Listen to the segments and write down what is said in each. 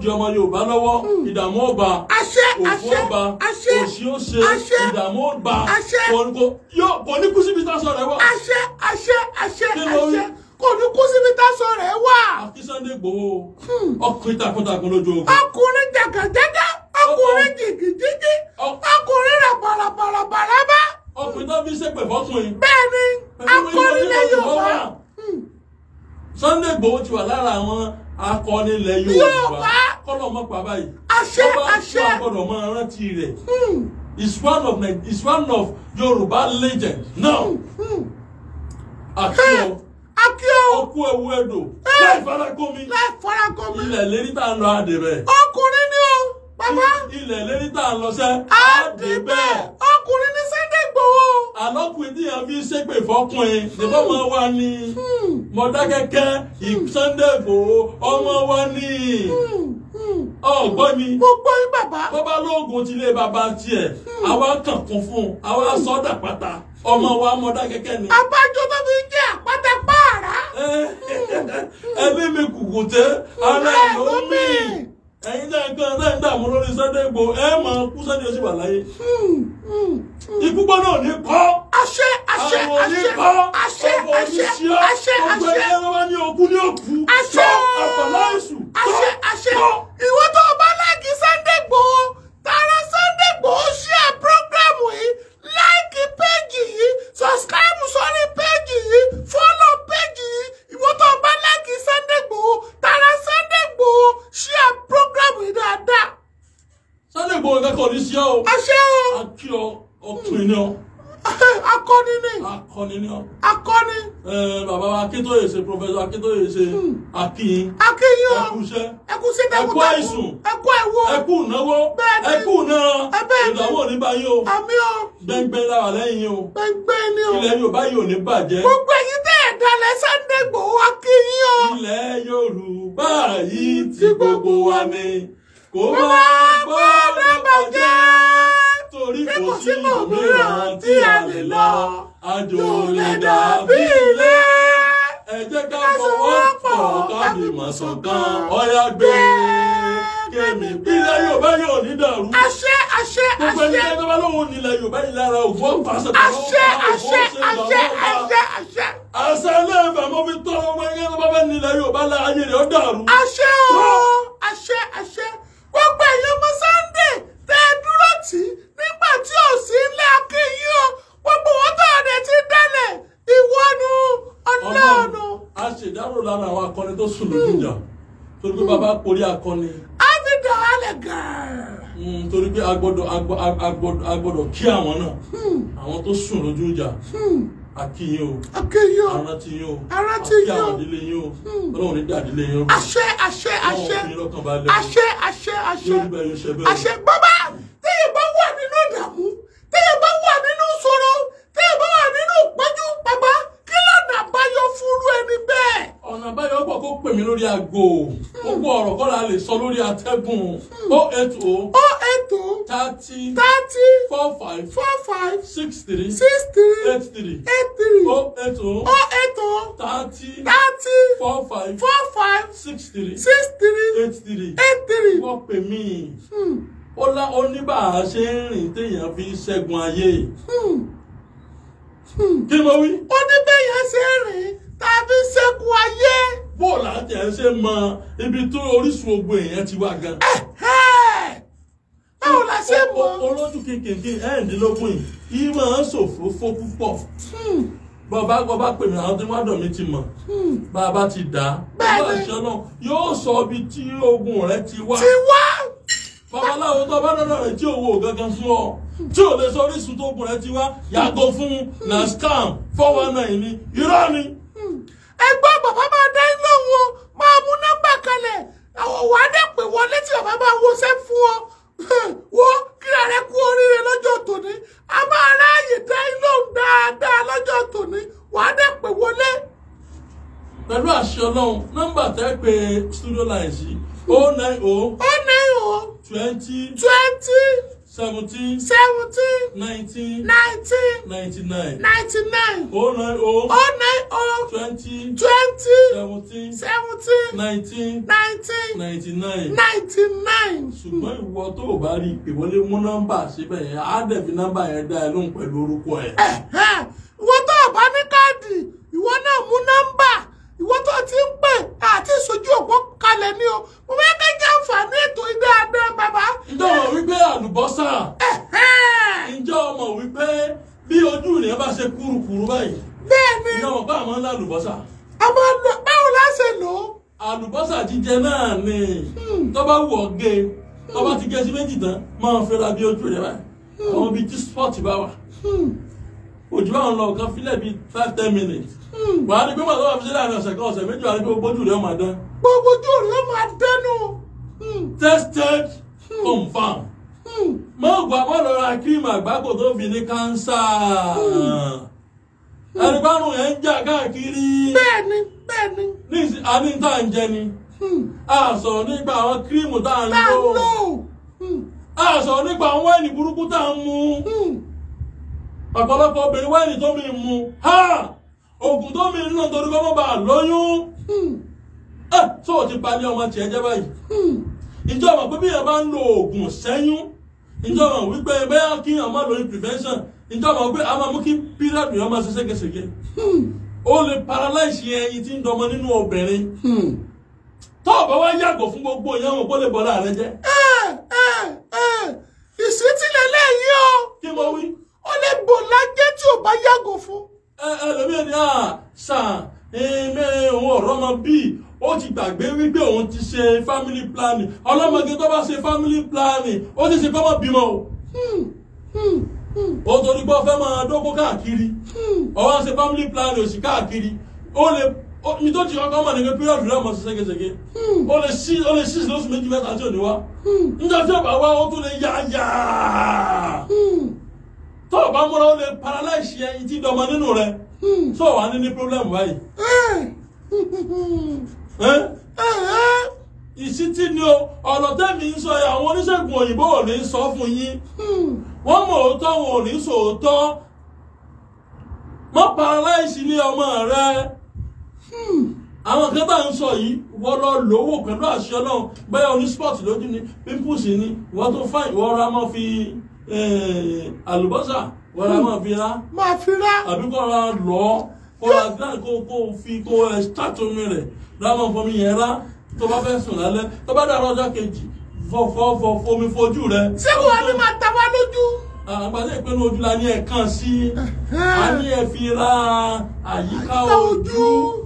di ọmọ yorùbá lọ́wọ́ hmm. ìdààmú ọba òfò ọba òṣì òṣè ìdààmú ọba kò ní kú síbi tásọ rẹ wà. àṣẹ àṣẹ àṣẹ àṣẹ kò ní kú síbi tásọ rẹ wà. àfi Sunday Igboho hmm. ọkùnrin takuntakun lójú ogun. ọkùnrin jàgàjàgà ọkùnrin jìgìjìgì ọkùnrin ràbàràbàràbàràbà. ọkùnrin tó fi ṣépè fọkùnrin. Hmm. bẹ́ẹ̀ni akọrin lẹ́yìn ọba. Sunday Igboho ti wà lára àwọn akọni ilẹ̀ Yorùbá kọ́lọ̀ mọ́ bàbá yìí àṣẹ àṣẹ ọba gbọ́dọ̀ máa rántí rẹ̀ hmm. is one of is one of Yorùbá legend now akíọ akíọ ọkú ewu edo láì faragomi láì faragomi ilẹ̀ lérí tá a lọ àdèbẹ̀ ọkùnrin ni o bàbá ilẹ̀ lérí tá a lọ sẹ́ àdèbẹ̀ ọkùnrin ni àlọ́kùnrin tí yẹn fi ń ṣépè fọkùnrin nígbà hmm. máa wá ní mọ̀dákẹ́kẹ́ hmm. Sunday Igboho ọmọ wa ní hmm. ọgbọ́n mi gbogbo yín bàbá bó bá lóògùn ti lé bàbá tiẹ̀ àwa kàn kún fún un àwa sọ́dà pátá ọmọ wa mọ̀dákẹ́kẹ́ ni. abájọ tó fi jẹ́ àpáta pààrà. ẹlẹ́mi kùkùté aláìlómi ẹ̀yin tẹ́ ẹ kàn tẹ́ ẹ dààmú lórí Sunday Igboho ẹ mọ kú Sunday Igboho wà láyé hmm, hmm, hmm. ikú gbọ́dọ̀ ní kọ́ àṣẹ àṣẹ àṣẹ àṣẹ àṣẹ àṣẹ àṣẹ ọgbẹ́lẹ́wà ní okú ní òkú àṣẹ àpàláìsù àṣẹ àṣẹ ìwọ tó o bá láìkí Sunday Igboho tara Sunday Igboho share program yìí láìkí péjì yìí subscribe sórí péjì yìí follow péjì yìí ìwọ tó o bá láìkí Sunday Igboho tara Sunday Igboho share program mi dáadáa. sálẹ̀ ìgbòho kẹ́kọ̀ọ́ ní sí ọ. àṣẹ o. a kí ọ ọkùnrin ni ọ. akọni ni. akọni ni ọ. akọni. bàbá wa akíntóye ṣe pọfẹsọ akíntóye ṣe hmm. akíyín. akíyín o ẹkúṣẹ́. ẹkúṣẹ́ dẹkùn dẹkùn ẹkú àìsùn. ẹkú ẹwọ. ẹkú ìnáwó. bẹ́ẹ̀ni ẹkú ìnáwó. ẹbẹẹni ìnáwó ní báyìí o. àmì o. gbẹngbẹ lára lẹ́yìn o. gbẹngbẹ ni o. ilẹ̀ Yorùbá yìí ò ní bàjẹ́. gbogbo ẹ̀yin ọ̀dàlẹ̀ Sunday Igboho wa kí yín o. ilẹ̀ Yorùbá yìí tí gbogbo wa ni kò má gbọ́ lọ́kọ̀ jẹ́ torí kò sí òmíràn tí a lè lọ àjò lè dàbí ilé ẹ jẹ́ ká fọwọ́ pọ̀ ká fi mọ̀ ṣọ̀kan gbé kémi bí ilẹ̀ yorùbá yóò ní dàrú. àṣẹ àṣẹ àṣẹ gbogbo ẹni tẹ́tẹ́ bá lóun ní ilẹ̀ yorùbá yìí lára òfò pàṣẹ tó lọ́wọ́ pa òfò ṣe lọ́wọ́ pa. àṣẹ ẹlẹ́fẹ̀ mo fi tọ́ ọmọ ẹni tẹ́tẹ́ bá fẹ́ ní ilẹ̀ yorùbá la ayé rẹ̀ ó dàrú. àṣẹ o àṣẹ àṣẹ gbogbo ẹ̀yọ́ mọ Sunday tẹ́ ẹ dúró tì nígbà tí ò sí ńlẹ̀ akínyìn o gbogbo wọn tó ọ̀dẹ ti dálẹ̀ ìwọ́nu ọlọ́ọ̀nù. a ṣèdárò lára àwọn akọni tó sùn lójú ìjà torí pé bàbá porí akọni Hmm, torí pé agbọ́dọ̀ agbọ́dọ̀ agbọ́dọ̀ kí àwọn náà hmm. àwọn tó sùn lójú ìjà hmm. akíyín o akíyín o arántí o arántí yín o akí àwọn ìdílé yín o Ọlọ́run ní dàdílé yín o àṣẹ àṣẹ àṣẹ àṣẹ àṣẹ àṣẹ àṣẹ pè mí lórí aago gbogbo ọ̀rọ̀ kọ́ la lè sọ lórí atẹ́gùn o oh, eight o. Oh. o oh, eight o. thirty. thirty. four five. four five. six three. six three. eight three. eight three. o eight o. o thirty. thirty. four five. four five. six three. six three. eight three. eight three. wọ́n pè mí. Hmm. ó lá ó ní bá a ṣe ń rìn téèyàn fi ṣẹ́gun ayé. Hmm. Hmm. kí ló wí. ó ní bẹ́ẹ̀ yẹn ṣe ń rìn tàbí ṣẹ́gun ayé bóòlù àti ẹ̀ ṣe mọ ibi tó orísun ogun èèyàn ti wá gan. Eh, báwo la ṣe mọ. olójú kékeré ẹ̀ẹ́dínlógún yìí yìí máa ń ṣòfófó púpọ̀ bọ́ba bọ́ba pèmí àwọn tí wọ́n dọ̀ ti mọ̀ hmm. bàbá ti dà á bọ́ba ìṣẹ́ náà yóò sọ ibi tí ogun rẹ ti wá. ti wá. babaláwo tó bá dọ́dọ̀ rẹ̀ tí ò gangan fún ọ tí ò lè sọ orísun tó ogun rẹ ti wá yàgò fún un hmm. na scam ni irọ́ ni. Hmm. ẹgbọ́n bàbá máa dá wo máa mú nọ́mbà kalẹ̀ àwọn wàá dẹ̀ pé wọlé tí bàbá máa wo ṣẹ́ fún ọ wo kíra rẹ kú oríire lọ́jọ́ tòní a máa ráàyè dá ilóhùn dáadáa lọ́jọ́ tòní wàá dẹ̀ pé wọlé. pẹ̀lú àṣẹ ọlọ́run nọ́mbà tẹ́ pé studio line yìí oh nine oh oh, oh seventeen. seventeen. nineteen. nineteen. ninety-nine. ninety-nine. oh nine oh. oh nine oh. twenty. twenty. seventeen. seventeen. nineteen. nineteen. ninety-nine. ninety-nine. ṣùgbọ́n ìwọ tó o bá rí ìpè mú nọ́mbà síbẹ̀ yẹn á dẹ̀ fi nọ́mbà yẹn dá ẹ lóhùn pẹ̀lú orúkọ ẹ. àlùbọ́sà ǹjẹ́ o mọ̀ wípé bí ojú ènìyàn bá ṣe kúrukùru báyìí bẹ́ẹ̀ni ìyá ọmọ bá àmọ́ ńlá àlùbọ́sà. àmọ́ báwo la ṣe lò ó. àlùbọ́sà jíjẹ náà ni hmm. tó bá wù ọ́ gé tó bá ti gé sí méjì tán máa fẹ́ra bí ojú rẹ̀ báyìí hmm. àwọn bíi tí spọ́ọ̀tì bá wà hmm. òjò báwọn lọ kan fílẹ̀ bíi five ten minutes wàá ní gbẹ́mọ̀ tó bá fi ṣe láàrin ọ̀sẹ̀ kan ọ̀sẹ̀ méjì wàá ní pé gbójú rẹ̀ máa dán. gbogbo ojú rẹ̀ máa dánú. tested confirmed. mọ́gbàgbọ́ lọ́ra kírìmù àgbákò tó fi ní kánsà hmm. yẹn ń jà káàkiri bẹ́ẹ̀ni bẹ́ẹ̀ni ní àní tá à ni hmm. a sọ̀rọ̀ àwọn kírìmù tá à ń lò hmm. a sọ̀rọ̀ àwọn wáìnì burúkú mu ọ̀pọ̀lọpọ̀ obìnrin wáìnì tó mi mu oògùn tó mi nínú torí kọ́ mọ́ bá a lóyún o ah, ti pa ní ọmọ tiẹ̀ jẹ́ báyìí ìjọba pé bí yẹn bá ìjọba wípé bẹ́ẹ̀ kí ọmọ lórí prevention ìjọba wípé a máa mú kí period yẹn máa ṣe ségesège ó hmm. lè paralyze ẹyin tí ń dọmọ nínú obìnrin hmm. tó o bá wá yàgò fún gbogbo ìyá wọn kó lè bọ́ láàrẹ jẹ́. Eh, eh, eh, ìsítìlẹ̀ lẹ́yìn o kí mo wí. ó lè bò lájẹ́ tí ò bá yàgò fún. ẹ ẹ lómi ẹni à sàn ẹ mẹ́rin òun ọ̀rọ̀ ọmọ bíi ó ti gbàgbé wípé òun ti ṣe family planning ọlọ́mọge tó bá ṣe family planning ó ti ṣe kọ́mọ bímọ o hmm, hmm, hmm. ó torí pé ó fẹ́ máa dógó káàkiri ó wá ṣe family planning òsì káàkiri ó lè mi tó ti kọ́kọ́ mọ̀ ní pé period rẹ̀ mọ̀ sí ṣégeṣége ó lè ṣí ó lè ṣí lóṣù méjì mẹ́ta tí ò ní wá níjọ́ tí ọba wá ó tún lè yá yá tó o bá múra ó lè paralyze ẹyin tí dọmọ nínú rẹ tó o wà ní problem báyìí. Eh. ìṣítí ni o ọ̀rọ̀ tẹ́mi ń sọ àwọn oníṣègùn òyìnbó ò ní sọ fún yín hmm. wọ́n mọ̀ òótọ́ wọn ò ní sòótọ́ mọ́ paralyze ní ọmọ rẹ hmm. àwọn kan ń sọ yìí wọ́n lọ lówó pẹ̀lú àṣẹ náà bẹ́ẹ̀ oní sport lójú ni pimples ni wọ́n tó fáìn wọ́n ra mọ́ fi àlùbọ́sà wọ́n ra máa fi rá hmm. àbí kó lọ́ọ́ kó ra kó fi kó ẹ̀ start rẹ̀ lọ́mọ fomi yẹn rá tó bá fẹ́ sùn lálẹ́ tó bá dàrọ́ ọjọ́ kejì fọ̀fọ̀fọ̀ fomi fojú rẹ. ṣé wo ni máa ta wá lójú. àgbàdo ìpinnu ojú la ní ẹ̀ kàn sí a ní ẹ̀ fi ra àyíká ojú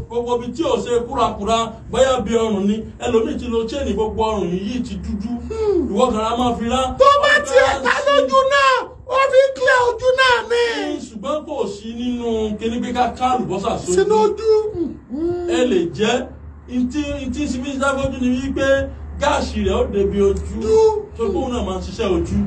gbogbo ibi tí o ṣe kúrakúra bóyá bí ọrùn ni ẹlòmíì ti lo chain gbogbo ọrùn yìí ti dúdú hmm. ìwọ kan á máa fi rá. tó bá tiẹ̀ ta lójú náà ó fi kílẹ̀ ojú náà ni. Eh, ṣùgbọ́n kò sí nínú kíní pé ká ká àlùbọ́sà sójú. sínú ojú. ẹ lè jẹ́ ntí ntí sinmi ni wípé gáàsì rẹ̀ ó débi ojú tó kóun hmm. náà máa ṣiṣẹ́ ojú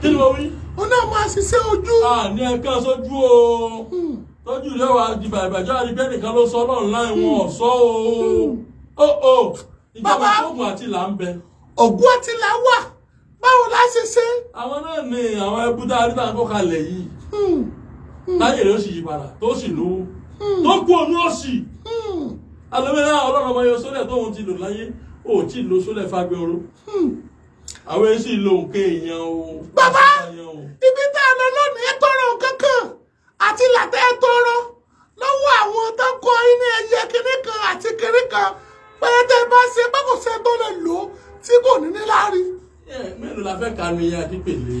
kí ni mo wí. ó náà máa ṣiṣẹ́ ojú. a ní ẹ̀ka sójú o hmm. tọ́jú rẹ̀ wá di bàbàjọ́ àdìgbẹ́ nìkan ló sọ ọlọ́run láì wọn ọ̀sọ́ hmm. o oh, oh. ìjọba ògùn àti ìlà ń bẹ. ògùn àti ìlà wà báwo la ṣe ṣe. àwọn náà ni àwọn ẹbú dáadé náà kó kalẹ̀ yìí táyé rẹ̀ ó sì yí padà tó sì lówó tó kú òun ó alómìnira ọlọ́run ọba yọ sólẹ̀ tóun ti lò láyé ò tí ì lo sólẹ̀ fagbẹ́ oró hmm. àwọn èsì lo nǹkan èèyàn o. bàbá ibi tá a lọ lónìí ẹ tọrọ nǹkan kan àti làtẹ ẹ tọrọ lọ́wọ́ àwọn tó kọ inú ẹyẹ kiri kan àti kiri kan pẹlẹtẹ bá ṣe pé tó lè lò tí kò ní ní mélòó la fẹ́ kanu iye àdìpẹ̀lẹ́.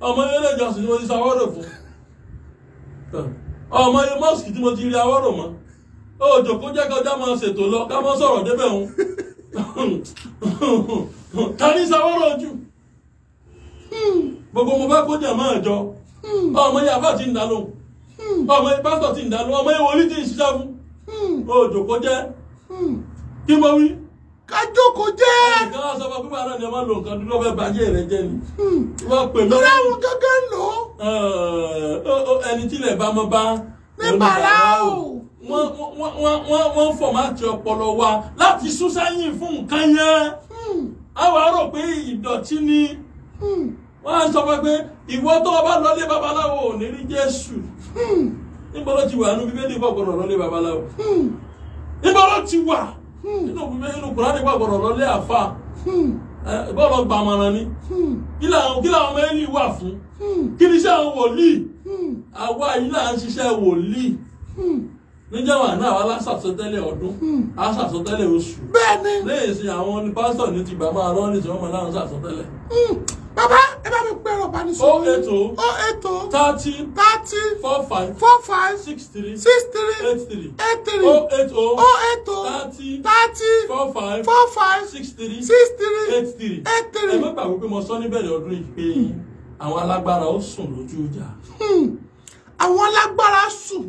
ọmọ ilé ìjọsìn tí mo ti sawọ́rò fún ọmọ ilé mọ́sìkì tí mo ti rí awọ́rò mọ́ òjò kó jẹ́ kọjá máa ṣètò lọ ká mọ́ sọ̀rọ̀ débẹ̀ òun ta ní sawọ́rò jù gbogbo mo bá kó jẹ̀ máa jọ ọmọ ilé àbá ti ń dáná ọmọ ilé pásítọ̀ ti ń dáná ọmọ ilé wòlíì ti ń ṣiṣẹ́ fún òjò kó jẹ́ kí mo wí kájókòó jẹ́. ẹnìkan wá sọ fún pípa náà ni ọmọ lò nǹkan dúró fẹ́ bàjẹ́ rẹ jẹ́ ni. Hmm. wọ́n pè mí. lórí àwọn gángan lò. ẹni tí ilẹ̀ bá mọ bá. ní bàrà o. wọ́n fọ̀mátì ọpọlọ wa láti sún sẹ́yìn fún nǹkan yẹn. àwa hmm. rò pé ìdọ̀tí ni. Hmm. wọ́n á sọ fún pé ìwọ tó o bá lọlé babaláwo ò ní rí Jésù. níbo ló ti wà nínú Bíbélì bọ̀ gbọ́dọ̀ lọlé babaláwo. níbo ló ti wà nínú nínú kùránì gbàgbọ́dọ̀ lọ lé àfa gbọ́dọ̀ gbàmọ̀ràn ni kí làwọn ọmọ ẹ̀lì wà fún kí ni iṣẹ́ àwọn wòlíì àwa yìí là ń ṣiṣẹ́ wòlíì níjọ́ wà náà wà lásàsọtẹ́lẹ̀ ọdún àsàsọtẹ́lẹ̀ hmm. oṣù. bẹ́ẹ̀ni. lẹ́yìn sí àwọn ní pásítọ̀ ní ti bàbá arọ́ ní tí wọ́n mọ̀ láwọn sàsọtẹ́lẹ̀. Hmm. bàbá ẹ bá mi pẹ́ ẹ̀rọ ìbánisọ̀rọ̀ mi. o eto. o eto. thirty. thirty. four five. four five. six three. six three. eight three. eight three. o eto. o eto. thirty. thirty. four five. four five. six three. six three. eight three. eight three. ẹ má gbàgbé pé mo sọ níbẹ̀rẹ̀ ọdún yìí pé hmm. àwọn alágbára ó sùn lójú ọjà àwọn alágbára sùn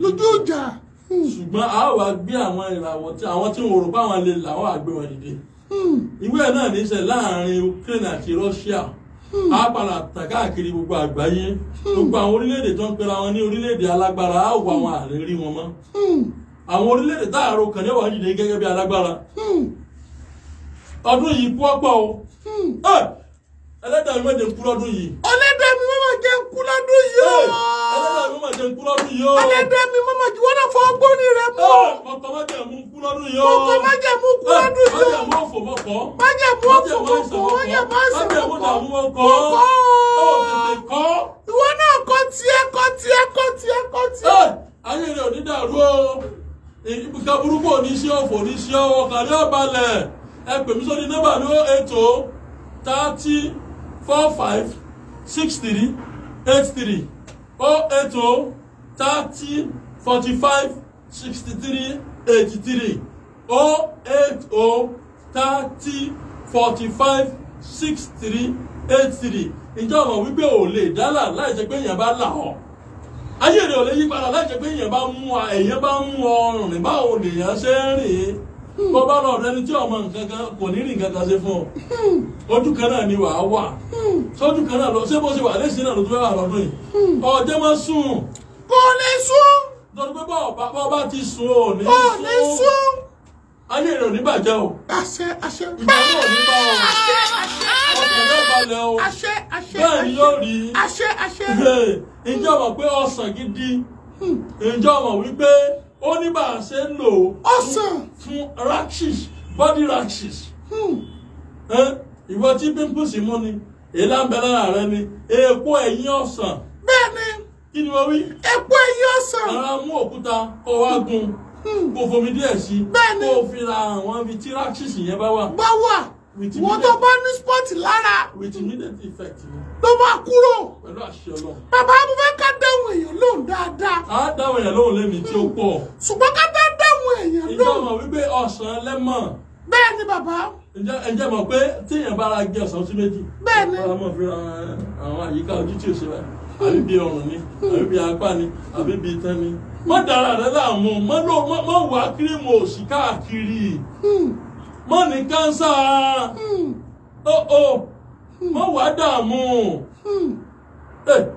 lójú ọjà. Hmm. ṣùgbọ́n a wá gbé àwọn ìràwọ̀ tí àwọn tí wọ́n rò pé àwọn lè là wọ́n àgbẹ̀ wọn dìde. Hmm. ìwé náà ní ṣe láàrin Ukraine àti Russia hmm. a padà tàn káàkiri gbogbo àgbáyé gbogbo àwọn orílẹ̀-èdè tó ń pera wọn ní orílẹ̀-èdè alágbára a wà wọn àlè rí wọn mọ́ àwọn orílẹ̀-èdè táàrò kan ní wàá dìde gẹ́gẹ́ bí alágbára ọdún yìí kú ọ̀pọ̀ o ẹlẹ́dàá mi má jẹ́ ń kú lọ́dún yìí. ọlẹ́dàá mi má jẹ́ ń kú lọ́dún yìí o jẹ́ nkú lọ́dún yìí o. ẹlẹ́dẹ̀ mi mama jù wọ́n náà fọ ọgbóni rẹ mọ́. mọ̀kọ́ ah, má jẹ̀mú nkú lọ́dún yìí o. mọ̀kọ́ má jẹ̀mú nkú ah, lọ́dún yìí o. má jẹ̀mú ọ̀fọ̀ mọ̀kọ́. má jẹ̀mú ọ̀fọ̀ mọ̀kọ́. má jẹ̀mú ọ̀sẹ̀ mọ̀kọ́. má jẹ̀mú dààmú mọ̀kọ́. mọ̀kọ́. ìwọ náà kọ́ tiẹ̀ kọ́ tiẹ̀ kọ́ tiẹ̀ kọ́ tiẹ̀. ayé rẹ̀ ò ní dàrú o. ìgbà burúkú ò ní ṣe ọ̀fọ̀ ò ní ṣe ọkàn ní ọ̀balẹ̀ ẹ pè mí sórí nọ́mbà ní ètò thirty four five six three eight three. 080 30 45 63 83 080 30 45 63 83 ǹjẹ́ ọ̀rọ̀ wípé ò lè dálà láì jẹ́ pé èèyàn bá là ọ́ ayé rẹ̀ ò lè yí padà láì jẹ́ pé èèyàn bá mú èèyàn bá mú ọrùn rìn báwo lèèyàn ṣe ń rìn bọ́ bá lọ ọ̀rẹ́ni tí ọmọ nǹkan kan kò ní rìn kankan ṣe fún ọ ojú kan náà ni wàá wà. Hmm. sójú kan náà lọ ṣé bó ṣe wà lẹ́sìn náà ló tún fẹ́ yìí hmm. ọjọ́ máa sùn. kò lè sùn. lọ́dún pé bọ́ọ̀ bá ti sùn ò ní sùn. kò lè sùn. ayé rẹ̀ ò ní bàjẹ́ o. àṣẹ àṣẹ. ìgbàlú ò ní bá o. àṣẹ àṣẹ. ọkàn yóò balẹ̀ o. àṣẹ àṣẹ. bẹ́ẹ̀ ni yóò rí. àṣẹ àṣẹ. ìjọ mọ̀ pé ọsàn gidi. ìjọ hmm. mọ̀ wípé ó ní bá a ṣe ń lò. ìwọ tí pimples mú ni èlà ń bẹ lára rẹ ni èèpo ẹ̀yìn ọ̀sán. bẹ́ẹ̀ni. kí ni mo wí. èèpo ẹ̀yìn ọ̀sán. ara mú òkúta kó wá gún hmm. kó fomi díẹ̀ sí i. bẹ́ẹ̀ni kó fi ra àwọn ibi tí rákṣìṣì yẹn bá wà. bá wà wọ́n tó bá ní spọ́ọ̀tì lára. with immediate effect ni ló máa kúrò. pẹ̀lú àṣẹ ọlọ́run. bàbá mo ká dáhùn èèyàn lóhùn dáadáa. a dáhùn èèyàn lóhùn lẹ́mìí tí ó pọ̀. ṣùgbọ́n ká dá dáhùn èèyàn lóhùn. ìjọba wípé ọ̀sán lẹ́mọ̀. bẹ́ẹ̀ ni bàbá ǹjẹ́ mọ̀ pé téèyàn bá ra gé ọ̀sán sí méjì bẹ́ẹ̀ni wọ́n mọ̀ fi eh, àwọn àyíká ojú tí ò ṣe wá àbí bíi ọrùn ni àbí bíi apá ni àbí bíi itan ni má dára rẹ láàmú má wá kírímù òsì káàkiri hmm. má ní kánsá hmm. ó hmm. má wá dààmú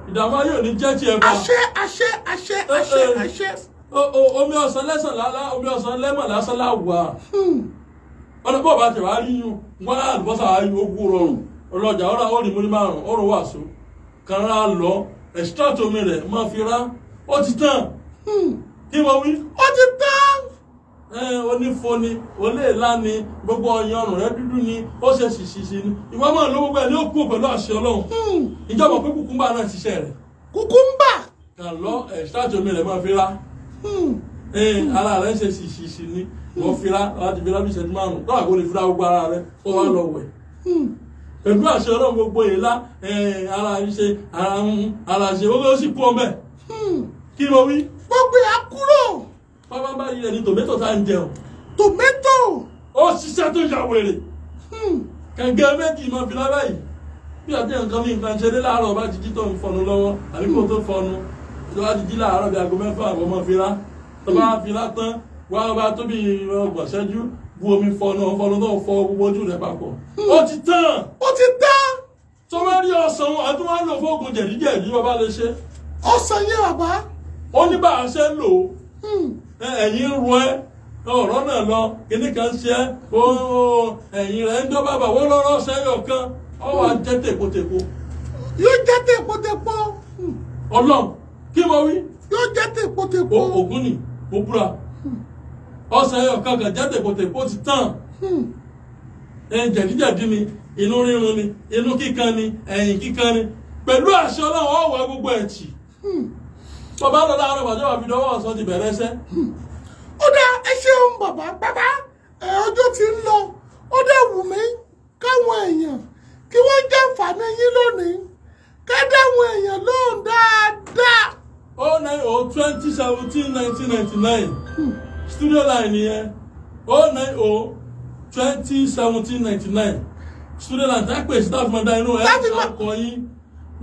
ìdààmú ayé ò ní jẹ́ tiẹ̀ bá. àṣẹ àṣẹ àṣẹ àṣẹ àṣẹ. omi ọsàn lẹ́sàn lálá omi ọsàn lẹ́mọ̀ lásán láwùá wọ́n ní bó bá ti wá rí yún wọ́n á àlùbọ́sà ogun rọrùn ọlọ́jà ọ̀rọ̀ àwọn òrìmọ́lì márùn ọ̀rọ̀ wàásù kan rà lọ restaurant mi rẹ̀ máa fi rá ó ti tán hmm. kí wọ́n wí ó ti tán onífo ni oléèlá ni gbogbo ọyàn ọrùn rẹ dúdú ni ó ṣe ṣìṣìṣì ni ìwọ máa lówó gbẹ ni ó kú pẹ̀lú àṣẹ Ọlọ́run ìjọba hmm. pé kùkúmbà náà ṣiṣẹ́ rẹ̀. kùkúmbà. kàn lọ mi rẹ̀ máa fi rá hmm. ara rẹ̀ ṣe ṣìṣìṣì ni wọ́n fira láti fira bí ìṣẹ́jú márùn-ún tó àgbo lè fira gbogbo ara rẹ kó wá lọ wẹ̀ pẹ̀lú àṣẹ ọlọ́run gbogbo yìí lá ara ṣe ara ń ara ṣe gbogbo ó sì kú ọmọ ẹ̀ kí ló wí. gbogbo ìyá kúrò. bábá báyìí ẹni tòmẹ́tò tá à ń jẹun. tòmẹ́tò. ó ṣiṣẹ́ tó ya wèrè. kẹ̀kẹ́ méjì mọ fìlà báyìí bí àti nǹkan mi nǹkan ṣe dé láàárọ̀ bá ti jí tó ń fọnu lọ́wọ́ àbí kò tó fọnu tó bá ti jí láàárọ̀ bí aago mẹ́fà àbọ̀ mọ́ fìlà tó bá fìlà tán wá bá tó bí ọgbọ̀n ṣẹ́jú bu omi fọnà fọnà náà fọ gbogbo ojú rẹ papọ̀ ó ti tán ó ti tán tó bá rí ọsàn àti wọn á lò fún oògùn jẹ̀díjẹ̀dí wọn bá lè ṣe. ọsàn yẹn àbá. ó ní bá a ṣe ń lò ó hmm. ẹ̀yìn ń ro ẹ́ ọ̀rọ̀ náà lọ kíní kan ṣe ẹ́ ẹ̀yìn rẹ̀ ń dọ́ bàbà wọ́n lọ́rọ́ sẹ́yọ̀ kan ọ wà hmm. jẹ́ tèpotèpo. yóò jẹ́ tèpotèpo. ọlọ́run kí mo wí. yóò jẹ́ tèpotèpo. ògùn ni mo búra. Hmm ọsàn ẹyọ kankan jẹ́ tèpòtèpò ti tàn hmm. ẹ̀yìn jẹ̀díjẹ̀dí ni inú rírun ni inú kíkan ni ẹ̀yìn kíkan ni pẹ̀lú àṣẹ ọlọ́run ọ̀wọ́ gbogbo ẹ̀tì hmm. tó bá lọ láàárọ̀ bàjẹ́ wà fi dọ́wọ́ ọ̀sán ti bẹ̀rẹ̀ ẹsẹ̀. Hmm. ó dá ẹ ṣeun bàbá bàbá ọjọ́ ti ń lọ ó dá wù mí káwọn èèyàn kí wọ́n jàǹfààní yín lónìí ká dáwọn èèyàn lóhùn dáadáa. ó ní o twenty seventeen nineteen ninety nine studio line yẹn o oh nine Oh, twenty seventeen ninety nine studio line tá a pè sí tá a fi máa dá inú ẹ̀ ẹ̀ yín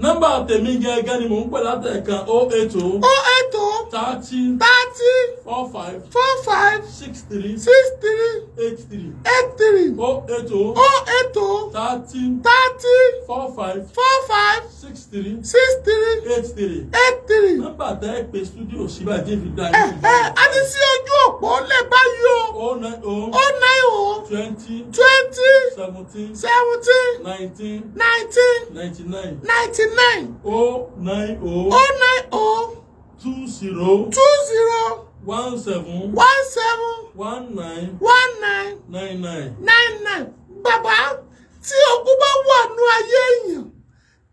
nọ́mbà tèmi gẹ́gẹ́ ni mò ń pè látẹ̀kan o oh eight o. Oh. o oh eight o. thirty. thirty. four five. four five. six three. six three. eight three. eight three. o eight o. o eight o. thirty. thirty. four five. four five. six three. six three. eight three. eight three. nọ́mbà tẹ́ ẹ pé studio síbàjẹ́ fi dá yín. ẹ ẹ a ti sí ojú òpó lè báyìí oh nine oh oh nine oh twenty twenty seventeen seventeen nineteen nineteen ninety nine ninety nine oh nine oh oh nine oh two zero two zero one seven one seven one nine one nine nine nine nine nine Baba, tí ogún bá wà nú ayé èèyàn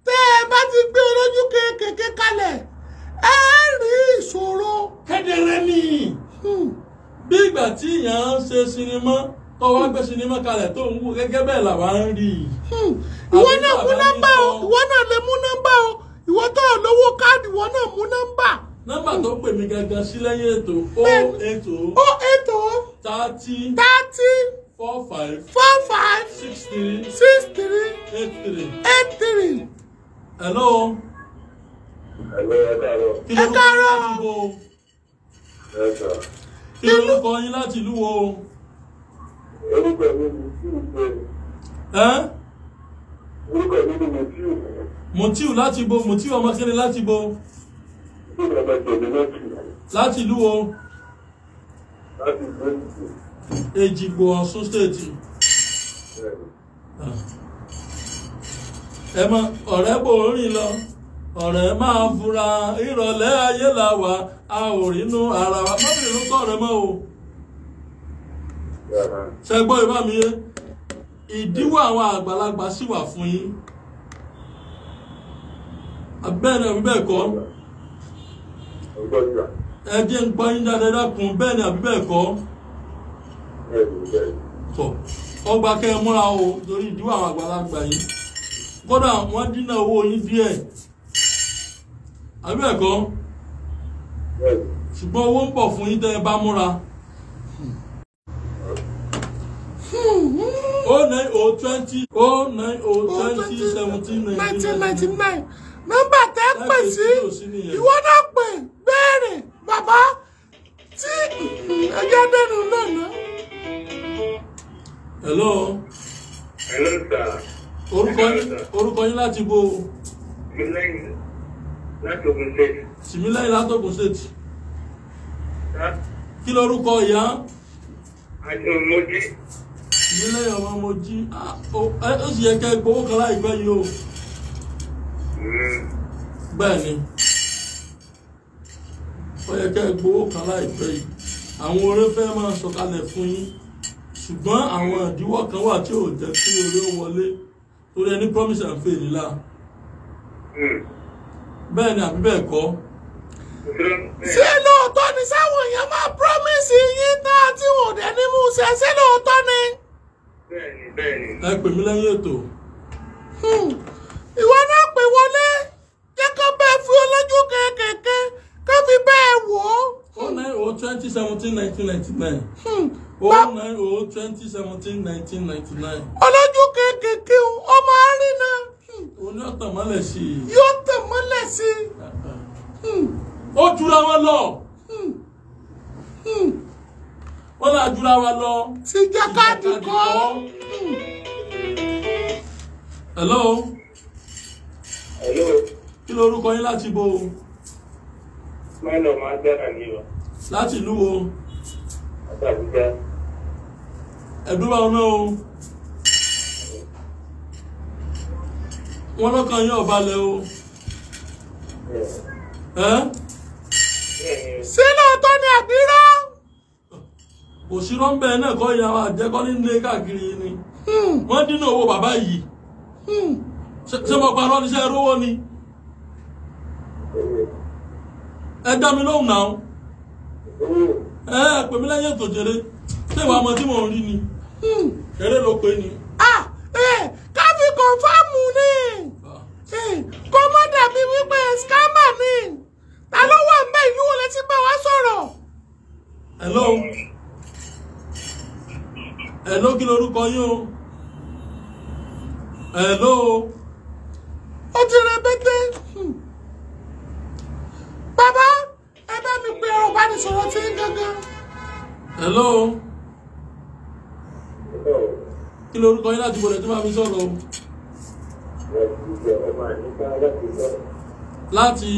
tẹ́ ẹ bá ti gbé olójú kéékèèké kalẹ̀ ẹ rí ìṣòro kedere ni. Hmm bí ìgbà tí èèyàn ń ṣe sinimá tó gbé sinimá kalẹ̀ tó ń wò gẹ́gẹ́ bẹ́ẹ̀ làwa ń rí i. Hmm. ìwọ náà mú nọ́mbà o ìwọ náà lè mú nọ́mbà o ìwọ tó lówó káàdì ìwọ náà mú nọ́mbà. nọ́mbà tó pè mí gangan sí lẹ́yìn ètò oh o ètò oh o ètò thirty thirty four five four five six three six three eight three eight three. hello. hello ẹ káàárọ̀. ẹ káàárọ̀ kí orúkọ yín láti ìlú wo. orúkọ mi ni Mutiu bẹ́ẹ̀. orúkọ mi ni Mutiu. Mutiu láti bo Mutiu ọmọ kíni láti bo. láti ìlú wo. láti ìlú Èjìgbò Ọ̀ṣun state. ẹ mọ ọ̀rẹ́ bò ń rìn lọ ọ̀rẹ́ máa fura ìrọ̀lẹ́ ayé la wà. a ò rínú ara wa má bìrì lóko ọ̀rẹ́ mọ́ o ṣe gbọ́ ìbá mi yé ìdíwọ́ àwọn àgbàlagbà sì wà fún yín ni àbí bẹ́ẹ̀ kọ́ ẹ jẹ́ ń gbọ́ yín jáde dákun ni àbí bẹ́ẹ̀ kọ́ tọ̀ ọgbà kẹ́ ẹ múra o torí ìdíwọ́ àwọn àgbàlagbà yìí kódà wọ́n dínà owó yín díẹ̀ àbí bẹ́ẹ̀ kọ́. ṣùgbọ́n owó ń bọ̀ fún yín tẹ́ bá múra. o oh nine o oh twenty o oh nine o twenty seventeen nineteen ninety nine nọ́mbà tẹ́ pè sí ìwọ náà pè béèrè bàbá tí ẹjọ́ dẹnu náà ná. hello. hello sir. orúkọ yín láti bo. mi lẹ́yìn láti Ògùn state. Tìmílẹ́yìn láti Ògùn state. kí lorúkọ ìyá. àti Mojí. Tìmílẹ́yìn ọmọ Mojí ah, o sì yẹ kẹ́ gbowó kan láìpẹ́ yìí o. Hmm. bẹ́ẹ̀ ni ó yẹ kẹ́ gbowó kan láìpẹ́ yìí àwọn oore fẹ́ máa sọ̀kalẹ̀ fún yín ṣùgbọ́n àwọn ìdíwọ́ kan wà tí ò jẹ́ kí oore ó wọlé torí ẹni promise and fail nílà. Mm bẹ́ẹ̀ ni àbí bẹ́ẹ̀ kọ́ ṣé lóòótọ́ ni sáwọn èèyàn máa promise yín tá a ti wò dé ní musa ṣé lóòótọ́ ni. bẹ́ẹ̀ni bẹ́ẹ̀ni. ẹ pè mí lẹ́yìn ètò. Hmm. ìwọ náà pè wọlé jẹ́ kó bẹ́ẹ̀ fi olójú kẹ̀kẹ́kẹ́ kó fi bẹ́ẹ̀ wò ó. oh nine oh twenty seventeen nineteen ninety nine. Hmm. oh nine oh twenty seventeen nineteen ninety nine. olójú kẹ̀kẹ́kẹ́ o ó máa rí náà òun ni ó tàn mọ́lẹ̀ sí i. yóò tàn mọ́lẹ̀ sí i. Hmm. ó jura wọn lọ. Hmm. Hmm. wọ́n náà jura wọn lọ. ti jákàdì kọ́. hello. hello. kí lorúkọ yín láti bò ó. mẹ́lọ̀ máa ń dára ní wa. láti ìlú wo. àtàkùn jẹ́. ẹ̀dúrà ọ̀nà o. wọn lọ́kàn yín ọba lẹ o. ṣé lóòótọ́ ni àbírọ́. òṣìrọ́ ń bẹ náà kọ́ ìyàwó àjẹkọ́ nílé káàkiri ni hmm. wọ́n dínà owó bàbá yìí hmm. ṣé mo parọ́ níṣẹ́ rówó ni ẹ dá mi lóhùn náà ẹ pèmí lẹ́yìn ètò jèrè ṣé ìwà ọmọ tí mò ń rí ni hmm. eré ló pé ni. hello hello kí lorúkọ yín o hello ó ti rẹpẹtẹ bàbá ẹ bá mi pe ọ̀rọ̀ ìbánisọ̀rọ̀ tí ń gangan. hello kí lorúkọ yín láti bọ̀dẹ̀ tó máa fi sọ̀rọ̀ o. láti. láti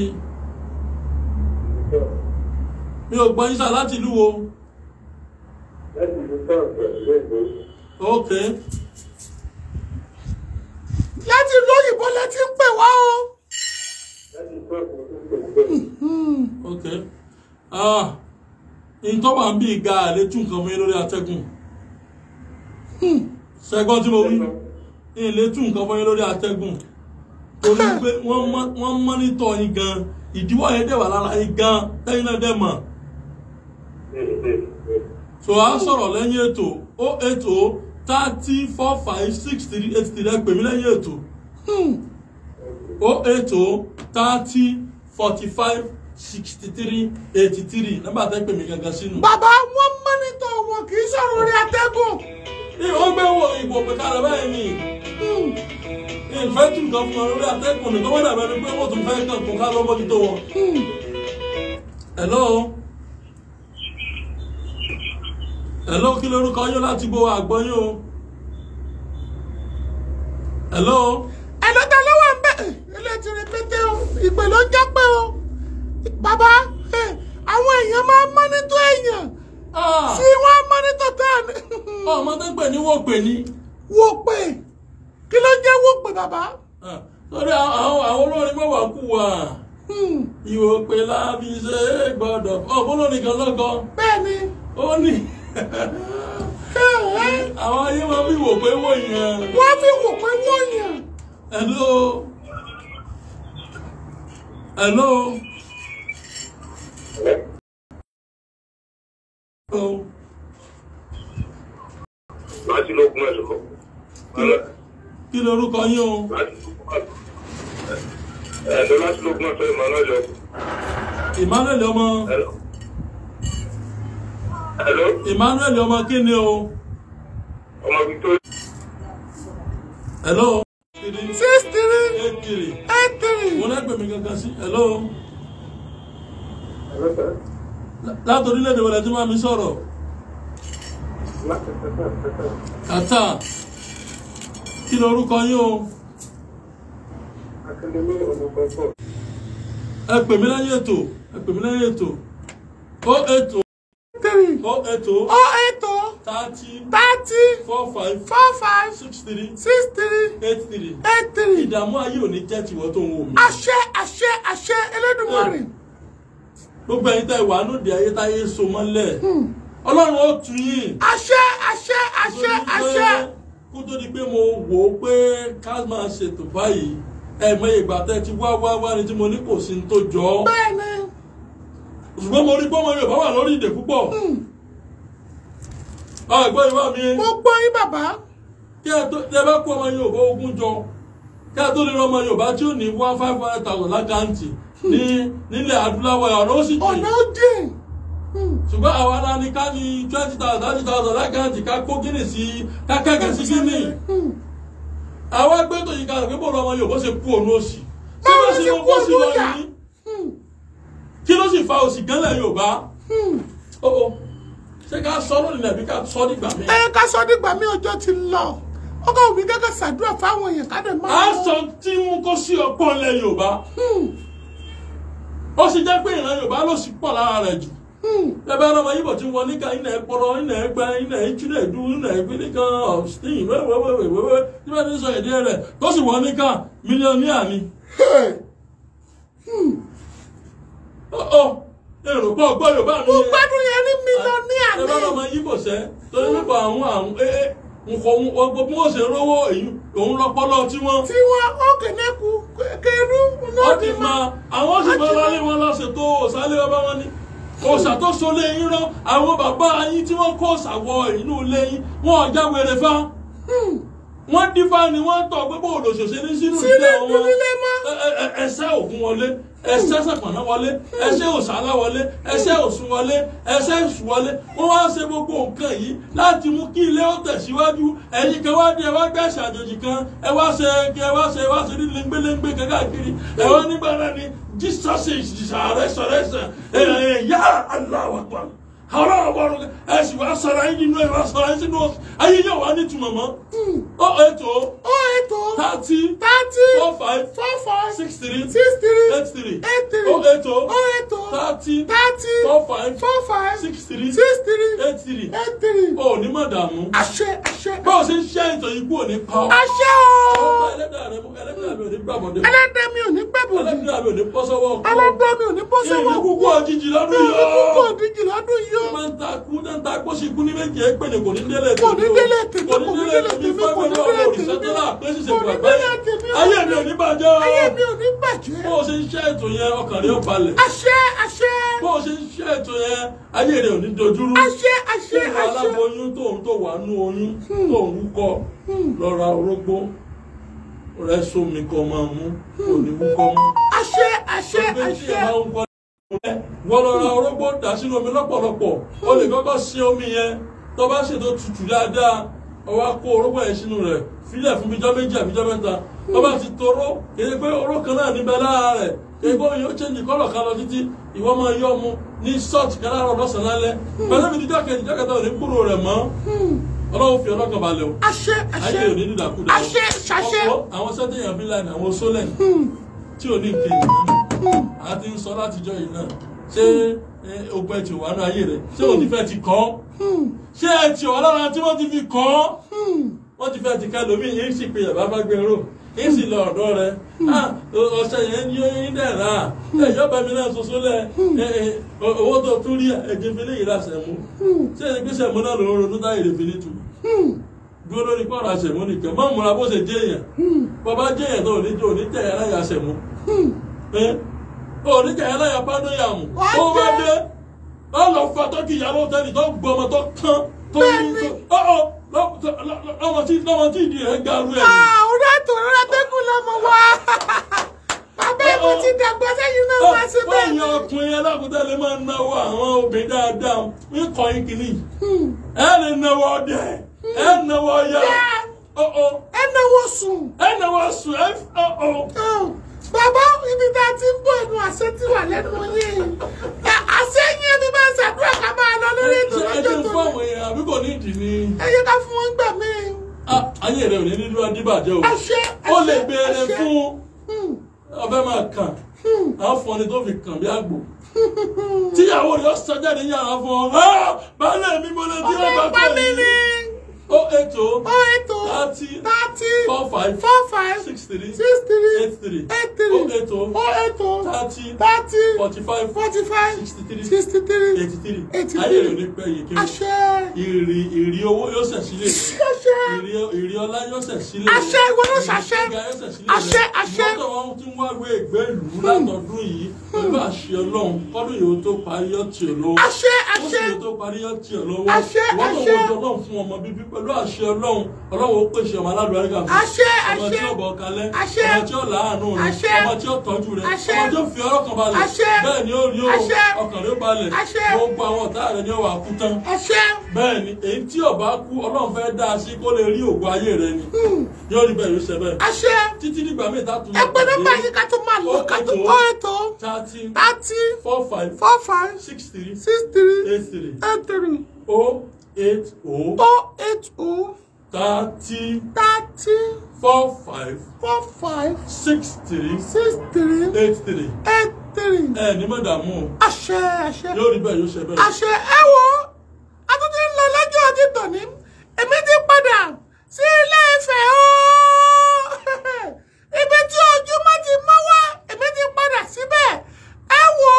mi ò gbọ́ yín sá láti ìlú wo. láti ìlú france ok. láti ìlú òyìnbó lẹ ti ń pè wá o. láti ìlú ok. ah ntọ́ wà ń bí ìga àlè tún nǹkan mọ́ lórí atẹ́gùn ṣẹgbọ́n tí mo wí ilé tún nǹkan mọ́ lórí atẹ́gùn torí pé wọ́n mọ́nítọ̀ yín gan ìdíwọ́ yẹn dẹ̀ wà lára yín gan tẹ́yìn náà dẹ̀ mọ̀ so à ń sọ̀rọ̀ lẹ́yìn ètò ó ètò thirty four five six three eight three ẹ pè mí lẹ́yìn ètò hmm. ó ètò thirty forty five sixty three eighty three nọ́mbà tẹ́ pè mí gangan sínú. bàbá wọn mọ́nítọ̀ wọn kì í sọ̀rọ̀ orí atẹ́gùn. ìwọ gbé wo ìbò pẹ̀ka rẹ̀ báyìí ni ìfẹ́ hmm. tún nǹkan fún wọn lórí atẹ́gùn nìkan wọ́n dàbẹ̀ ni pé wọ́n tún fẹ́ kàn kó ká lọ́mọ́dé tó wọn. Hmm. hello. hello kí lorúkọ yín láti bo àgbọ̀yìn o hello. hello ta ló wà ń bẹ̀ ẹlẹ́tì rẹpẹtẹ o ìpè ló ń jápẹ́ o bàbá àwọn èèyàn máa ń mọ́nítọ́ èèyàn tí wọ́n á mọ́nítọ́ tá a ní. ọmọ tó pè ní wò pè ní. wò pè kí ló jẹ́ wò pè bàbá. sọ́dọ̀ àwọn olórin mẹ́wàá kù wà ìwò pé láàbí ṣe é gbọ́dọ̀ ọ̀pọ̀ olórin kan lọ́gọ́. bẹ́ẹ̀ ni. ó ní. àwọn ayé wọn fi wò pé wọ́n yàn. wọ́n fi wò pé wọ́n yàn. hello hello. láti ló gún ẹ lọ. kí lorúkọ yín o. ẹ̀ láti ló gún ẹ fẹ́ Emmanuel. Emmanuel ọmọ. Hello? Emmanuel ọmọ kí ni o? Ọmọ Victoria. Hello? Six three. Eight Hello, Eight three. Wọ́n lẹ́gbẹ̀ẹ́ mi gangan sí. Hello? Hello sir. Láti orílẹ̀-èdè wọlé tí máa mi sọ̀rọ̀. Láti Qatar. Qatar. Kí ni orúkọ yín o? Akademi Olùkọ́ Ẹ pè mí lẹ́yìn ètò. Ẹ pè mí lẹ́yìn ètò. Ó ètò oh eight oh oh eight oh thirty thirty four five four five six three six three eight three eight three ìdààmú ayé ò ní jẹ́ tìwọ́ tó ń wò mí. àṣẹ àṣẹ àṣẹ Elédùmarè. gbogbo ẹ̀yin tẹ́ ìwà lóde ayé táyé so mọ́lẹ̀ hmm. ọlọ́run ó tù yín. àṣẹ àṣẹ àṣẹ àṣẹ. kó tó di pé mo wò ó pé ká máa ṣètò báyìí ẹ̀mọ ìgbà tẹ́ ti wá wá wá ni tí mo ní kò sí ní tó jọ. bẹ́ẹ̀ni. ṣùgbọ́n mo rí pé ọmọ Yorùbá wà lórí ìdè púpọ̀. Hmm ọgbọ́n ìwà mi. mo gbọ́ yín bàbá. kí ẹ bá kó ọmọ Yorùbá ogún jọ kí ẹ tó lè rọmọ Yorùbá tí ó ní one five hundred thousand lákàntì hmm. ní nílẹ̀ adúláwọ̀ ọ̀nà ó sì jìn. ọ̀nà ó jìn. Hmm. ṣùgbọ́n àwa náà ni ká ní twenty thousand thirty thousand lákàntì ká kó gíní sí ká kẹ́kẹ́ sí gíní. Hmm. àwa gbé tó yìí ká rẹ̀ pé bó lọ́mọ Yorùbá ṣe kú òun ó kú òun ó yà. ló sì fa òṣì gánlẹ̀ ṣé ká sọ lónìí nàbí ká sọ dìgbà míì. ẹ ká sọ dìgbà míì ọjọ́ ti lọ ọkọ òbí kẹ́kẹ́ ṣàdúrà fáwọn èèyàn ká dẹ̀ máa. a sọ tí ń kó sí ọpọ́n lẹ yorùbá hmm. ó sì jẹ́ pé ìran yorùbá ló sì pọ̀ lára rẹ̀ jù ẹbẹ hmm. ọmọ yìí bọ̀ tí wọ́n níka iná ẹ pọrọ iná ẹ gba iná ẹ jílẹ̀ dú iná ẹ gbélé kan ọ̀sìn wẹ́wẹ́wẹ́wẹ́wẹ́ tí wọ́n sọ èdè rẹ̀ tó sì wọ́n níka mílíọ̀nìà ni. Hmm èrò pọ̀ gbọ́ yorùbá mi mo gbádùn yẹn ní mílíọ̀nìà ni. ẹ bá lọ́mọ yíbo sẹ́ torí nípa àwọn àwọn ee eh, eh, nǹkan gbogbo bí wọ́n ṣe rówó èyí òun lọ́pọ́lọ́ tí wọ́n. tí wọ́n ó kẹ̀lẹ́kù kẹrú náà ti máa. àwọn sì máa lálé wọn lásètò òsálẹ̀ ọba wọn ni òòṣà tó so léyìn rán àwọn bàbá yín tí wọ́n kó òòṣà wọ léyìn wọn ọjà wèrè fa hmm. wọ́n dífá ni wọ́n tọ̀ pé bó ní sínú ìdílé wọn ẹ̀ṣẹ́ òkun wọlé ẹsẹ̀ sàpọ̀nà wọlé ẹsẹ̀ òsàlá wọlé ẹsẹ̀ òsùn wọlé ẹsẹ̀ èṣù wọlé wọ́n wá ṣe gbogbo nǹkan yìí láti mú kí ilé ó tẹ̀síwájú ẹ̀yin kan wá ní ẹ wá gbé ẹ̀ṣẹ̀ àjòjì kan ẹ wá ṣe ẹ wá ṣe ẹ wá ṣe ní lẹ́ngbẹ́lẹ́ngbẹ́ káàkiri ẹ wá nígbà náà ni Jesus is the resurrection ẹ̀yà aláwọ̀ pàmò ara àwọrò ẹ sì wá sara yín nínú ẹ wá sara yín sínú ayé yóò wá ní ìtumọ̀ mọ́. Hmm. ó ètò. ó ètò. thirty. thirty. four five. four five. six three. six three. eight three. eight three. ó ètò. ó ètò. thirty. thirty. four five. four five. six three. six three. eight three. eight three. ó ní má dààmú. àṣẹ àṣẹ. bá o ṣe ń ṣe ètò yìí kú ò ní pa ọ. àṣẹ o. ọba ẹlẹ́dàá rẹ mú ẹlẹ́dàá mi ò ní gbàbọ̀dé. ẹlẹ́dàá mi ò ní gbàbọ̀dé. ẹlẹ́dàá mi ò ní bọ́ sọ́wọ́. ẹlẹ́dàá mi ò ní bọ́ sọ́wọ́. èyí kúkú òjijì lọ́dún yọ. máa ń ta kú náà ń ta kó sì ní méjì ẹ pé ní kò ní délé tèmi o kò ní délé tèmi kò ní délé tèmi kò ní délé tèmi kò ní délé tèmi ayé mi ò ní bàjẹ́ o ayé mi ò ní bàjẹ́. bó o ṣe ń ṣe ètò yẹn ọkàn rẹ ó balẹ̀. àṣẹ àṣẹ. bó o ṣe ń ṣe ètò yẹn ayé rẹ ò ní dojúrú. àṣẹ àṣẹ àṣẹ. tó aláboyún tó tó wà nú oyún hmm. tó wúkọ hmm. lọ́ra orógbó rẹ sómi kọ́ máa mú kò ní wúkọ́ mú. àṣẹ àṣẹ àṣẹ wọ́n lọ ra orógbó dà sínú omi lọ́pọ̀lọpọ̀ o lè kọ́kọ́ ṣe omi yẹn tó bá ṣètò tutù dáadáa ó wá kó orógbó yẹn sínú rẹ̀ filẹ̀ fún bíjọ́ méjì àbíjọ́ mẹ́ta tó bá ti toró kéde pé oró náà níbẹ̀ lára rẹ̀ kéde pé yóò change kọ́lọ̀ kan lọ títí ìwọ́n máa yọ ọmú ní sọ́ọ̀tì kan lọ́sàn-án lálẹ́ hmm. pẹ̀lú ibi dídọ́ kejì dọ́kẹ́tà ò kúrò rẹ̀ mọ́ hmm. ọlọ́run fi ọlọ́kàn balẹ̀ o àṣẹ àṣẹ ayé òní àṣẹ ṣàṣẹ ọkọ àwọn sẹ́tẹ̀yàn bí lánàá àwọn sólẹ̀ hmm. tí ò ní kéde àti ń sọ látijọ́ yìí náà ṣé ogun ẹ̀ tí ò wá ní ayé rẹ̀ ṣé òun ti fẹ́ ti kọ́ hmm. ṣé ẹ̀ tí ò lára tí wọ́n ti fi kọ́ hmm. wọ́n ti fẹ́ ti ká lómi yìí sì pé yàrá bá gbẹ̀rọ e yìí sì lọ ọ̀dọ́ rẹ hmm. ah, ọ̀sẹ̀ yẹn ní yín dẹ̀ra ẹ̀yọ́ bẹ̀mí náà soso lẹ owó tó tún rí ẹ̀jẹ̀ fi léyìí láṣẹ mú ṣé ẹni pé sẹ̀mú náà lòún ronú táyé lè fi ní tu dúró lórí pọ̀rọ̀ àṣẹ̀mú nìkan má múra bó ṣe jẹ́ bàbá jẹ́ tó ò ní tẹ̀ ẹ́ láyà àṣẹ̀mú oníjà ẹlẹ́yà pádóyàmù ó bá dé ó lọ fa tọ́kì ìyàwó tẹ́lẹ̀ tó gbọmọ tó kán tó ní tó ọ̀ lọ́mọ tí lọ́mọ tí ìdí rẹ̀ ga rú ẹ̀. àwùrọ̀ ah, tó rọra tẹ́kùn lọ́mọ wá bàbá ìbò ti dàgbà sẹ́yìn náà wá sí bẹ́ẹ̀ ni. ó yan ọkùnrin alákùúta lè máa náwó àwọn obìnrin dáadáa ń kọ́ yín kìíní hmm. ẹ lè náwó ọdẹ hmm. ẹ náwó ọyà ẹ náwó sùn ẹ náwó sùn ẹ ọ̀ bàbá ibi tá a ti ń bọ̀ ẹnu àṣẹ ti wà lẹ́nu yìí àṣẹ yín ẹni máa ṣàdúrà ká máa lọ lórí ètò lọ́jọ́ tó ní. ẹ jẹ́ fún àwọn èèyàn àbí kò ní ìdí ni. ẹ yẹ ká fún wọn gbà mí. ayé rẹ ò ní nílò adébàjẹ́ o ó lè béèrè fún ọbẹ̀ hmm. máa kàn á hmm. fọ ni tó fi kàn bí àgbò hmm. tíyàwó rẹ̀ ó sọjá ní yàrá fún ọ bá lè mímọ́ lọ bí ó bá bẹ̀rẹ̀ o ètò o ètò thirty thirty four five four five six three six three eight three eight three oh eight oh, oh, oh, forty five forty five sixty three sixty three eighty three eighty three ayé rẹ̀ ní pẹ́ yìí kéwì àṣẹ ìrì ìrì owó yóò ṣẹ̀ sílẹ̀ àṣẹ ìrì ìrì ọlá yóò ṣẹ̀ sílẹ̀ àṣẹ ìwọ ló ṣàṣẹ àṣẹ àṣẹ mọ́tò wọn tún wá wé ẹgbẹ́ ìlú hmm. látọdún yìí pẹ̀lú hmm. àṣẹ ọlọ́run kọ́dún yìí ó tó parí ọtí ẹ̀ lọ́wọ́ àṣẹ àṣẹ ó sì tó parí ọtí ẹ̀ lọ́wọ́ àṣẹ àṣẹ tó wọ́n jọ fún ọmọ bíbí pẹ̀lú àṣẹ ọlọ́run ọlọ́run ọlọ́run pèsè ọmọ aládùúgbò rẹ̀ kan ọmọ tí ó bọ̀ kalẹ̀ ọmọ tí ó láàánú rẹ̀ ọmọ tí ó tọ́jú rẹ̀ ọmọ tí ó fi ọlọ́kan balẹ̀ bẹ́ẹ̀ ni ó rí o ọkàn rẹ̀ balẹ̀ gbogbo àwọn ọ̀tá rẹ̀ ni ó wà kú tán bẹ́ẹ̀ ni èyí tí ó bá kú ọlọ́run fẹ́ dá a sí kó lè rí ògo ayé rẹ̀ ni hmm. yóò rí bẹ́ẹ̀ yóò ṣe bẹ́ẹ̀ títí nígbà míì tá a tún lọ pàdé ẹgbẹ́ nígbà yìí ká tún máa lọ ká tún kọ́ ètò thirty thirty four five four five six three six three eight three eight three oh eight oh oh eight oh thirty. thirty. four five. four five. six three. six three. eight three. eight three. ẹ ní má dààmú o. àṣẹ àṣẹ. yóò rí bẹ́ẹ̀ yóò ṣe bẹ́ẹ̀. àṣẹ ẹ wo àtúntò ń lọ lọ́jọ́ ọdí tòní èmi ti padà sí ilé Ifẹ̀ o ibi tí ojúmọ́ ti mọ́ wá èmi ti padà síbẹ̀ ẹ wo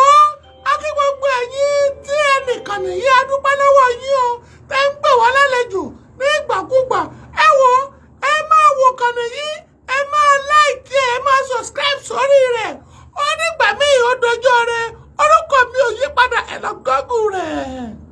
akí gbogbo ẹ̀yin tí ẹnìkan nìyí adúpẹ́ lọ́wọ́ yín o tẹ́ ń pè wá lálejò ìgbàkúgbà ẹ wo ẹ máa wo kànnì yìí ẹ máa láìkí ẹ máa subscribe sórí rẹ̀ ó nígbà míì ó dojọ́ rẹ̀ orúkọ mi ò yí padà ẹ̀ lọ gọ́gùn rẹ̀.